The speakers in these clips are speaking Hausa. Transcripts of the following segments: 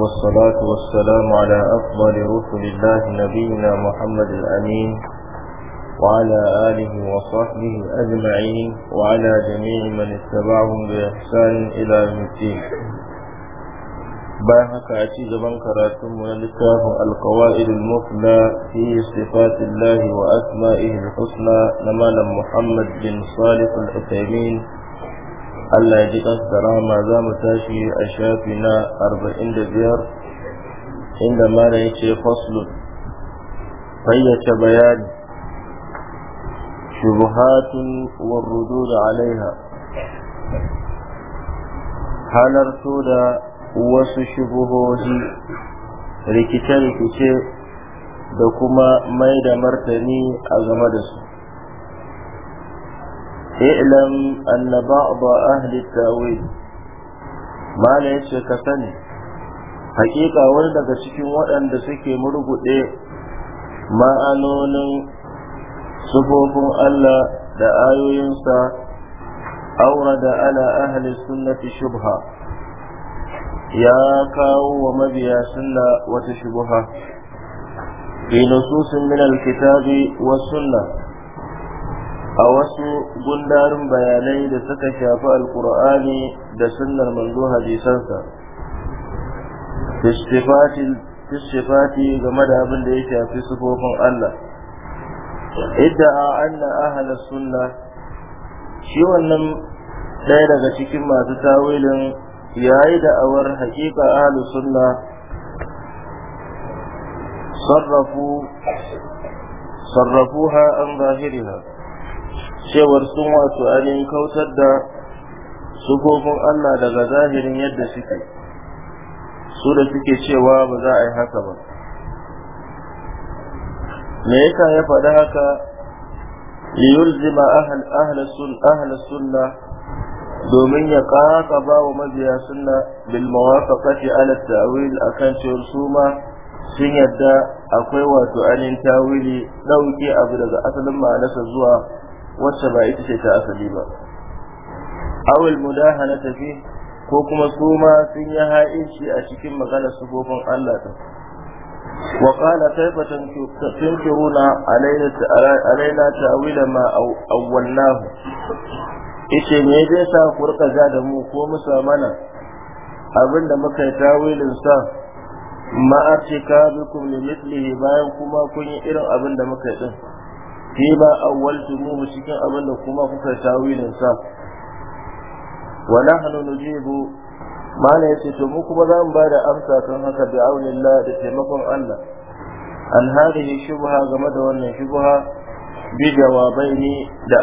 والصلاة والسلام على أفضل رسل الله نبينا محمد الأمين وعلى آله وصحبه أجمعين وعلى جميع من اتبعهم بإحسان إلى يوم الدين bayan haka a ci gaban karatunmu na littafin alkawa'idul mufla fi sifatillahi wa asma'ihi husna na Mallam muhammad bin salih al Allah ya ji kansa rahama za mu tashi a shafi na arba'in da biyar inda mara ya ce faslun fayyace bayani shubuhatun warrudu da alaiha halarto da wasu shubuhohi rikice-rikice da kuma mai da martani a game da su اعلم أن بعض أهل التأويل ما ليس كفني حقيقة ولدك سكين وأن سكي مرقد ma'anonin sufofin Allah da ayoyinsa aura da ala ahli sunnati shubha ya kawo wa mabiya sunna wata shubha fi nususin min alkitabi wa sunna a wasu gundarin bayanai da suka shafi alkur'ani da sunnar manzo hadisansa fisifati game da abin da ya shafi sufofin Allah idda'a anna ahla sunna shi wannan ɗaya daga cikin masu tawilin yayi da'awar haƙiƙa ahlu sunna sarrafu sarrafuha an zahiriha cewar sun wato ainihin kautar da sufofin Allah daga zahirin yadda suke su da suke cewa ba za a yi haka ba me yasa ya faɗi haka liyulzima ahla sunna domin ya ƙaƙa ba wa mabiya sunna bil mawafaqati ala ta'wil akan cewar su ma sun yadda akwai wato anin tawili ɗauke abu daga asalin ma'anarsa zuwa wacce ba ita ce ta asali ba awil mudahana tafi ko kuma su ma sun yi ha'inci a cikin maganar sufofin Allah ta wa qala kayfa tunkiruna alaina alayna ta'wila ma awwalnahu yace me zai sa ku rika ja da mu ko musa mana abinda muka yi tawilin sa ma'atika bikum limithlihi bayan kuma kun yi irin abinda da muka yi din fi ma awwaltumuhu cikin abin da kuma kuka tawilin sa wa nahnu nujibu mana yace to mu kuma za mu bada amsa kan haka da aunillah da taimakon Allah an ne shubha game da wannan shubha bi jawabaini da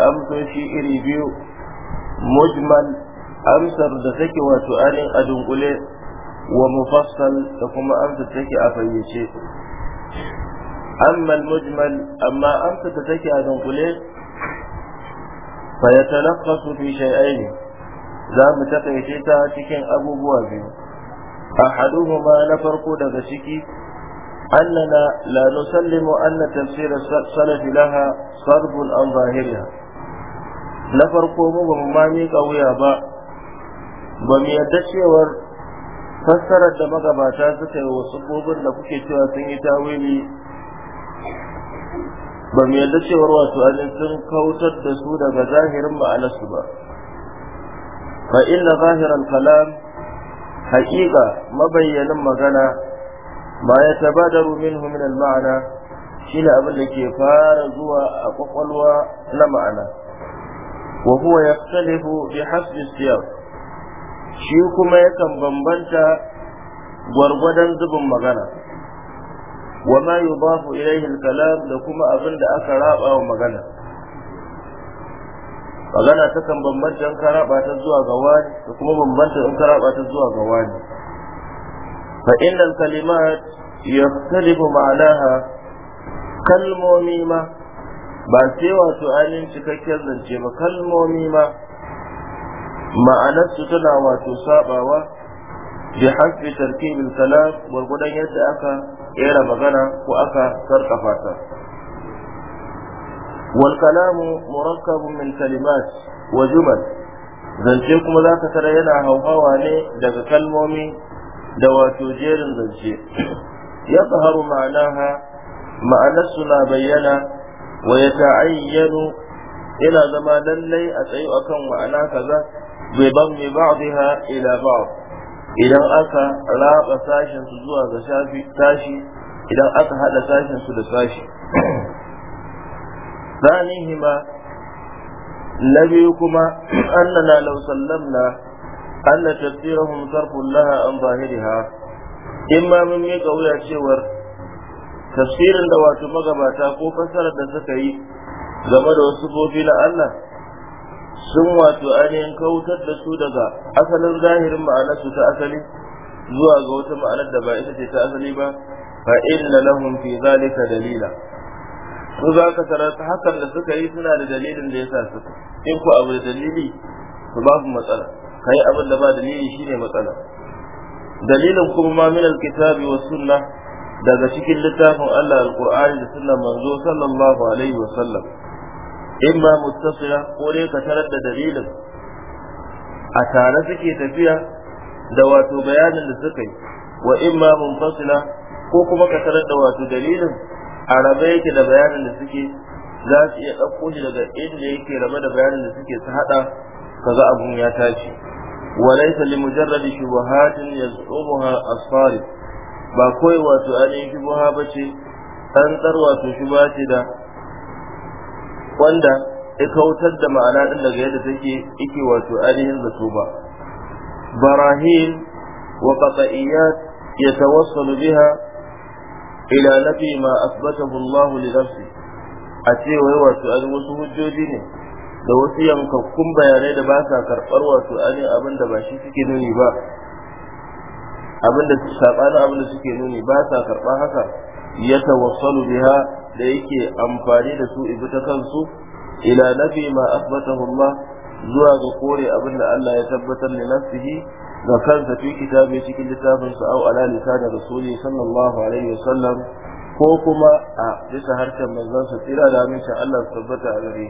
shi iri biyu mujmal amsar da take wato anin a dunkule wa mufassal da kuma amsar take a fayyace أما المجمل أما أنت تتكي أدن قليل فيتلقص في شيئين زام تقي شيتا تكين أبو بوابي أحدهما نفرق دغشكي أننا لا نسلم أن تفسير السلف لها صرب عن ظاهرها نفرق ممامي قوية با بميدشي fassarar da magabata suka yi wasu gobin da kuke cewa sun yi tawili ba mu yarda cewar wato ainihin sun kautar da su daga zahirin ma'anarsu ba fa inna zahiran kalam haƙiƙa mabayyanin magana ma ya tabadaru minhu min al-ma'ana shine abin da ke fara zuwa a kwakwalwa na ma'ana wa huwa yaftalifu bi hasbi siyaq shi kuma yakan bambanta gwargwadon zubin magana wa ma yudafu ilayhi al-kalam da kuma abin da aka raba wa magana magana ta kan bambanta in ka raba ta zuwa ga wani da kuma bambanta in ka raba ta zuwa ga wani fa innal kalimat yaxtalifu ma'anaha kalmomi ma ba sai wato ainihin cikakken zance ba kalmomi ma ma'anar su tana wato sabawa bi hasbi tarkibil kalam gurgudan yadda aka kera magana ko aka sarkafa ta wal kalamu murakkabun min kalimat wa jumal zance kuma za ka tara yana hauhawa ne daga kalmomi da wato jerin zance ya tsaharu ma'anaha ma'anarsu na bayyana wa ya ta'ayyanu yana zama lallai a tsayo akan ma'ana kaza bai ban mai ba'diha ila ba'd idan aka raba sashen su zuwa ga shafi sashi idan aka hada sashen su da sashi zanihima na biyu kuma annana law sallamna anna tafsirahum sarfun laha an zahiriha in ma mun yi kauya cewar tafsirin da wato magabata ko fassarar da suka yi game da wasu kofi na Allah sun wato ainihin kautar da su daga asalin zahirin ma'anarsu ta asali zuwa ga wata ma'anar da ba ita ce ta asali ba fa inna lahum fi zalika dalila ko za ka tarar hakan da suka yi suna da dalilin da yasa su in ku abu da dalili to ku matsala kai abin da ba dalili shine matsala dalilin kuma ma min alkitabi was sunna daga cikin littafin Allah alqur'ani da sunnar manzo sallallahu alaihi wa sallam In ba mutasira ko dai ka tarar da dalilin a tare suke tafiya da wato bayanin da suka yi wa ba munfasila ko kuma ka tarar da wato dalilin a rabe yake da bayanin da suke za su iya ɗauko shi daga inda yake rabe da bayanin da suke su haɗa kaga abun ya tashi li لمجرد شبهات يزعمها الصارف ba kawai wato ainihin shubuha ba ce tsar wato shubuha ce da wanda ya kautar da ma'ana ɗin daga yadda take ike wato ainihin zato ba barahin wa qat'iyat yatawassalu biha ila nafi ma asbatahu Allah li nafsi a ce wai wato an wasu hujjoji ne da wasu yankakkun bayanai da ba sa karɓar wato ainihin abin da ba shi suke nuni ba abin da sabanin abin da suke nuni ba sa karɓa haka ya tawassalu biha da yake amfani da su ibi ta kansu ila nafi ma asbatahu Allah zuwa ga kore abin da Allah ya tabbatar da nafsihi ga kansa fi kitabe cikin littafin sa au ala lisanin rasuli sallallahu alaihi wasallam ko kuma a bisa harshen manzon sa tsira da amincin Allah ya tabbata a gare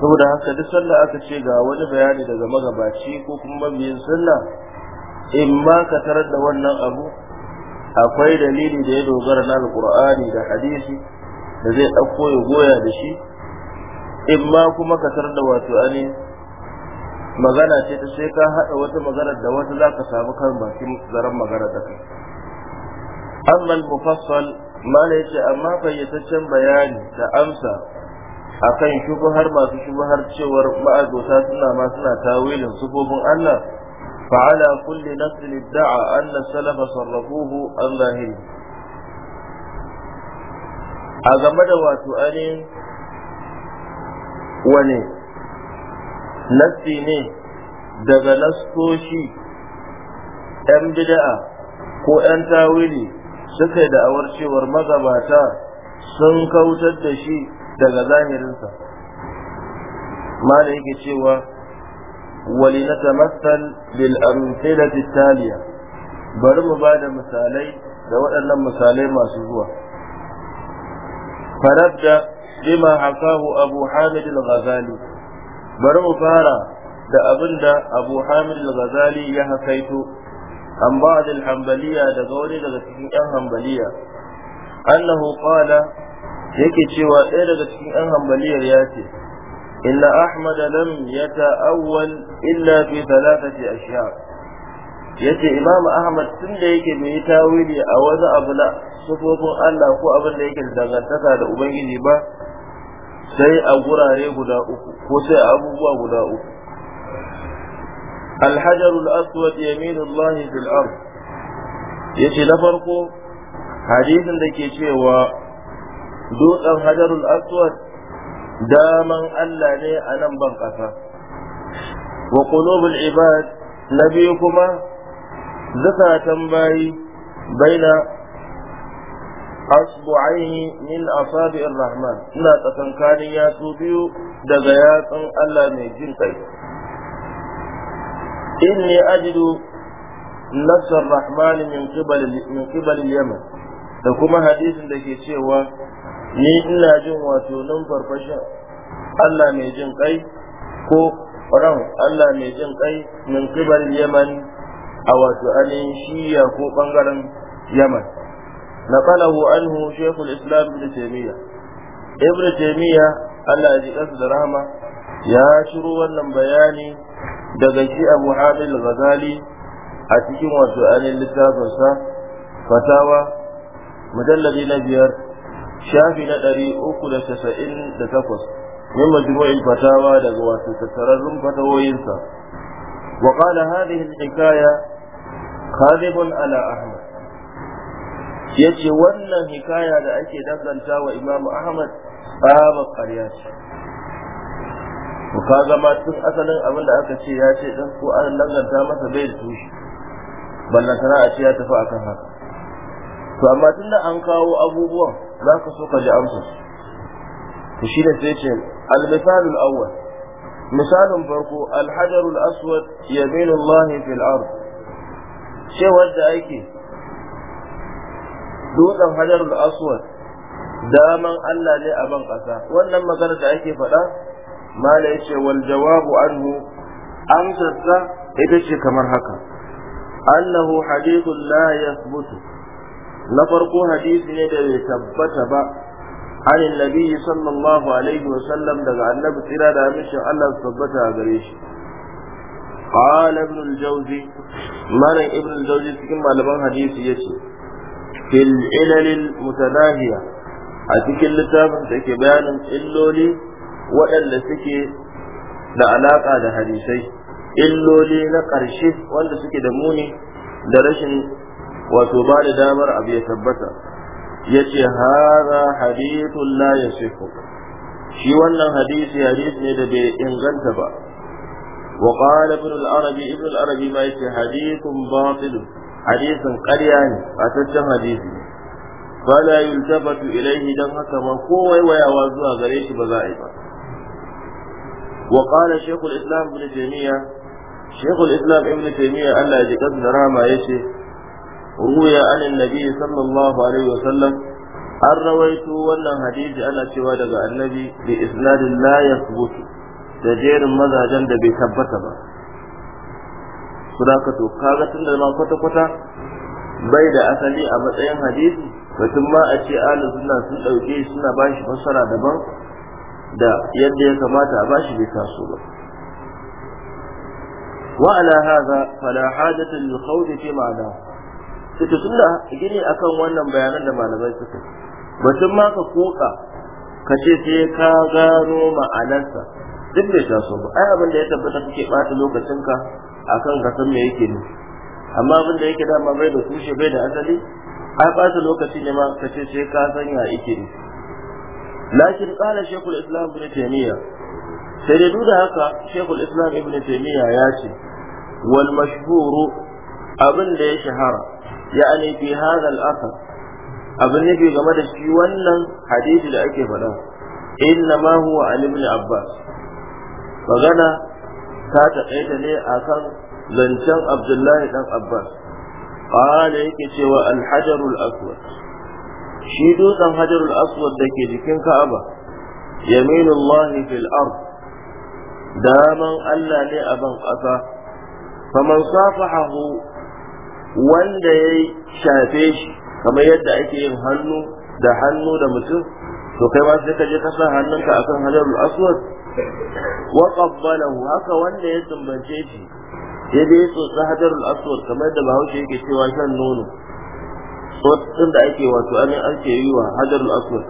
saboda haka duk sallah aka ce ga wani bayani daga magabaci ko kuma mabiyin sunna in ma ka tarar da wannan abu akwai dalili da ya dogara na alqur'ani da hadisi da zai ɗauko ya goya da shi in ma kuma ka tar da wato ani magana ce ta sai ka haɗa wata magana da wata za ka samu kan bakin zaren magana da kai amma mufassal mala ce amma fayyataccen bayani da amsa akan shubuhar masu shubuhar cewar ma'azota suna ma suna tawilin sufofin Allah فعلى كل نسل ادعى أن السلف صرفوه game da أغمد واتؤني وني نسيني daga نسكوشي 'yan bida'a ko 'yan tawili suka yi da'awar cewar magabata sun kautar da shi daga zahirinsa mala yake cewa ولنتمثل بالأمثلة التالية برم بعد مثالي da أن مثالي ما سوى فنبدأ بما حكاه أبو حامد الغزالي برم فارا mu fara da Abu Hamid al-Ghazali ya hakaito an ba'd daga wani daga cikin ƴan Hanbaliya annahu qala yake cewa ɗaya daga cikin ƴan Hambaliyar ya ce إن أحمد لم يتأول إلا في ثلاثة أشياء yace imam ahmad tun da yake bai yi tawili a wani abu na sufofin Allah ko abin da yake dangantaka da ubangiji ba sai a gurare guda uku ko sai a abubuwa guda uku alhajarul aswad yaminullahi fil ard yace na farko hadisin da ke cewa dutsen hajarul aswad daman Allah ne a nan ban ƙasa wa qulubul ibad na biyu kuma zakatan bayi baina asbu'aini min asabi'ir rahman ina tsakankanin yatsu biyu daga yatsun Allah mai jin kai inni ajidu nasar rahmani min qibal min qibal yaman da kuma hadisin da ke cewa ni ina jin wato nan Allah mai jin kai ko ran Allah mai jin kai min kibar Yaman a wato ainihin shiya ko bangaren Yaman kalahu anhu Sheikhul Islam Ibn Taymiyyah Ibn Taymiyyah Allah ya ji da rahama ya shiru wannan bayani daga shi Abu Hamid Ghazali a cikin wato ainihin littafinsa fatawa mujalladi na biyar shafi na ɗari uku da casa'in da takwas min majmu'in fatawa daga wato tattararrun fatawoyinsa wa qala hadhihi al-hikaya kadhibun ala ahmad yace wannan hikaya da ake danganta wa imam ahmad tsaba ƙarya ce Ka kaga ma tun asalin abin da aka ce ya ce dan ko an danganta masa bai da tushe ballantana a ce ya tafi akan haka to amma tun da an kawo abubuwan za ka so ka ji amsa to shi sai ce al-misalul awwal misalin farko al-hajarul aswad yaminu Allah fil ard da ake dutsen hajarul aswad daman Allah ne a ban ƙasa wannan magana da ake faɗa mala yace wal jawabu anhu amsarsa ita ce kamar haka annahu hadithun la yathbutu na farko hadisi ne da bai tabbata ba عن النبي صلى الله عليه وسلم دغ النبي ترى دا مش الله ثبتا غريش قال ابن الجوزي ما ابن الجوزي cikin malaman hadisi yace fil ilal mutanahiya a cikin littafin da ke bayanin illoli waɗanda suke da alaƙa da hadisai illoli na ƙarshe wanda suke da muni da rashin wato ba da damar abu ya tabbata ya ce hara hadithun la ya shi wannan hadisi hadisi ne da bai inganta ba wa qala ibn al-arabi ibn al-arabi ma yace hadithun batil hadisin ƙarya ne a taccen hadisi fala yultafatu ilayhi dan haka ba, kowai wayawa zuwa gare shi ba za a yi ba wa qala shaykh islam ibn taymiya shaykh al-islam ibn taymiya Allah ya ji kaddara ma yace روي عن النبي صلى الله عليه وسلم an rawaito wannan hadisi ana cewa daga annabi bi isnadin la yathbutu da jerin mazajen da bai tabbata ba sadaka to kaga ma kwata kwata bai da asali a matsayin hadisi batun ma a ce ahlus sunna sun dauke suna bashi fassara daban da yadda ya kamata a bashi bai taso ba وعلى هذا فلا حاجة للخوض في معناه ita tunda gini akan wannan bayanan da malamai suka batun ma ka koka ka ce sai ka gano ma'anarsa duk bai taso ba ai abin da ya tabbata kake lokacin lokacinka akan ka san me yake ne amma abin da yake dama bai da tushe bai da asali ai bata lokaci ne ma ka ce sai ka san ya yake ne lakin qala shaykhul islam ibn taymiya sai dai duka da haka shaykhul islam ibn taymiya ya ce wal mashhuru abin da ya shahara يعني في هذا الأثر أبن نبي غمد الشيوانا حديث لأكي فلا إنما هو عن ابن عباس فغنى تاتقيت لي أكن زنشان عبد الله بن عباس قال يكي سوى الحجر الأسود شيدوس الحجر الأسود دكي جكين كعبة يمين الله في الأرض daman Allah ne a ban ƙasa, faman safahahu wanda ya shafe shi kamar yadda ake yin hannu da hannu da mutum to kai ma sai ka je ka sa hannunka akan hajarul aswad wa qabbalahu haka wanda ya tumbance shi sai dai so sa hajarul aswad kamar da bahaushe yake cewa shan nono tsotsin da ake wato an ake yi wa hajarul aswad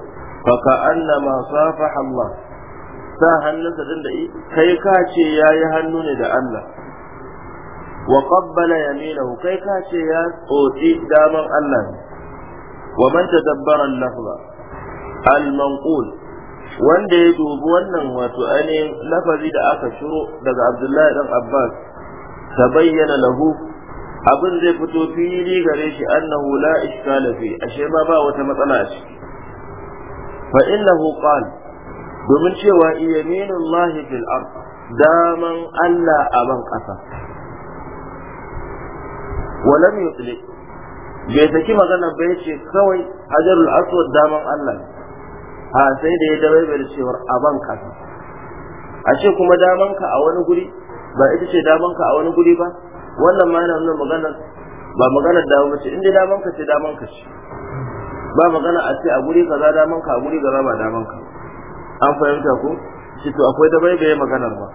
fa ka annama safaha Allah sa hannunsa din da kai ka ce yayi hannu ne da Allah wa qabbala yaminahu kai ka ce ya tsotsi daman Allah wa man tadabbara al al-manqul wanda ya dubi wannan wato ainihin lafazi da aka shiro daga Abdullahi dan Abbas tabayyana lahu abin zai fito fili gare shi annahu la iskala ashe ma ba wata matsala a ciki fa innahu qala domin cewa iyaminullahi fil ard daman Allah a ban kasa walam yutle bai saki magana bai ce kawai hajarul aswad daman Allah Ha, sai da ya dabaibar cewar a aban kasa ce kuma daman ka a wani guri ba ita ce daman ka a wani guri ba wannan ma yana nuna magana ba magana dama ba ce inda daman ka ce daman ka ce ba magana a ce a guri kaza daman ka a guri kaza ba daman ka an fahimta ko shi to akwai bai maganar ba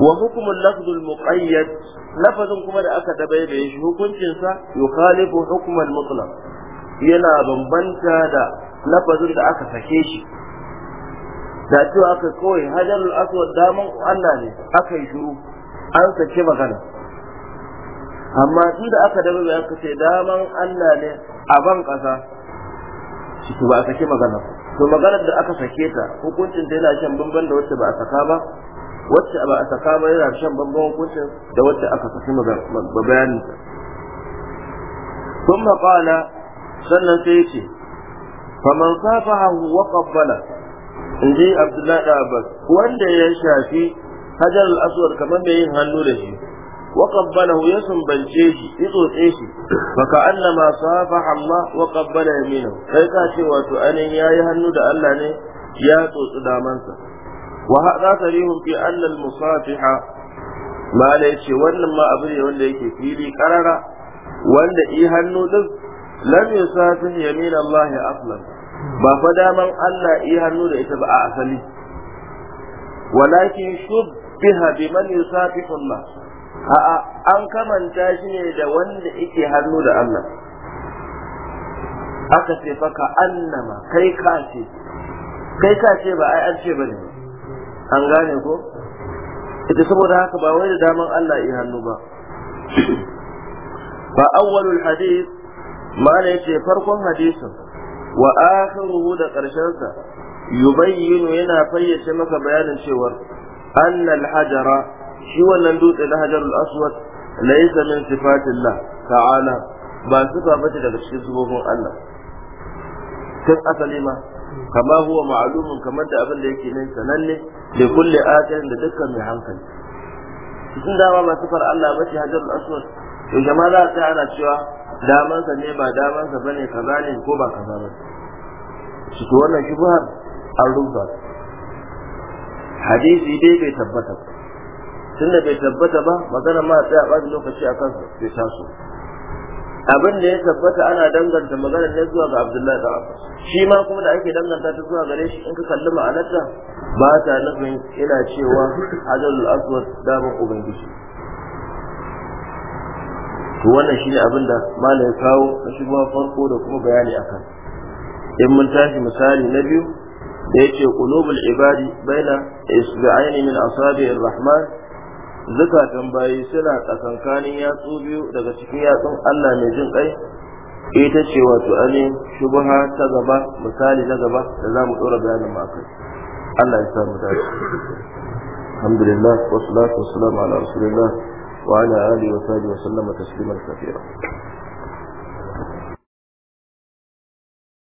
wa hukumul al muqayyad lafazin kuma da aka da shi hukuncinsa yukhalifu al mutlaq yana bambanta da lafazin da aka sake shi da cewa aka kawai al aswad daman Allah ne aka yi shiru an sake magana amma shi da aka dabe aka ce daman Allah ne a ban kasa shi ba a sake magana to maganar da aka sake ta hukuncin ta yana shan bambanta da wacce ba a saka ba wacce ba a saka ba yana shan bambam hukuncin da wacce aka saki bayanin sun maƙala sannan sai ce faman safahahu wa qabbala in ji abdullahi da abbas wanda ya shafi hajar al-aswad kamar mai yin hannu da shi wa qabbalahu ya sumbance shi ya tsotse shi fa ka annama safaha Allah wa ya yaminahu kai ka ce wato anin yayi hannu da Allah ne ya tsotsi damansa وهذا صريح في أن المصافح ما ليش وأن ما أبني وأن ليك فيلي قرر وأن إيها النودز لم يصافح يمين الله أصلا بفدا من ألا إيها النود إتبع أصلي ولكن شبه بمن يصافح الله a'a an kamanta shi ne da wanda yake hannu da Allah aka ce faka annama kai ka ce kai ka ce ba ai an ce bane an gane ko ita saboda haka ba wai da daman Allah ya hannu ba fa awwalul hadith mala yace farkon hadisin wa akhiruhu da karshen sa yubayyinu yana fayyace maka bayanin cewar anna al-hajara shi wannan dutse na hajarul aswad laysa min sifatillah ta'ala ba sifa bace daga cikin sifofin Allah tun asali ma kama huwa ma'lumun kamar da abin da yake nan sananne da kulli atin da dukkan mai hankali cikin dama masu far Allah ba ce hajarul aswad to jama'a za ta ana cewa damansa ne ba damansa bane kaza ne ko ba kaza ba su to wannan shubhar an rufa hadisi dai bai tabbata tunda bai tabbata ba magana ma a ba lokaci akan su bai taso abin da ya tabbata ana danganta maganar ne zuwa ga Abdullahi da Abbas shi ma kuma da ake danganta ta zuwa gare shi in ka kalli ma'anarta ba ta nufin ina cewa hajarul aswad daman ubangiji to wannan shine abin da Malam ya kawo na shigowa farko da kuma bayani a akan in mun tashi misali na biyu da ya ce kulubul ibadi baina isba'aini min asabi'ir rahman zukatan bayi suna tsakankanin yatsu biyu daga cikin yatsun Allah mai jin kai ita ce wato ane shubha ta gaba misali na gaba da zamu dora bayanin ma akai Allah ya samu dace alhamdulillah wassalatu wassalamu ala rasulillah wa ala alihi wa sahbihi wa sallama tasliman kathira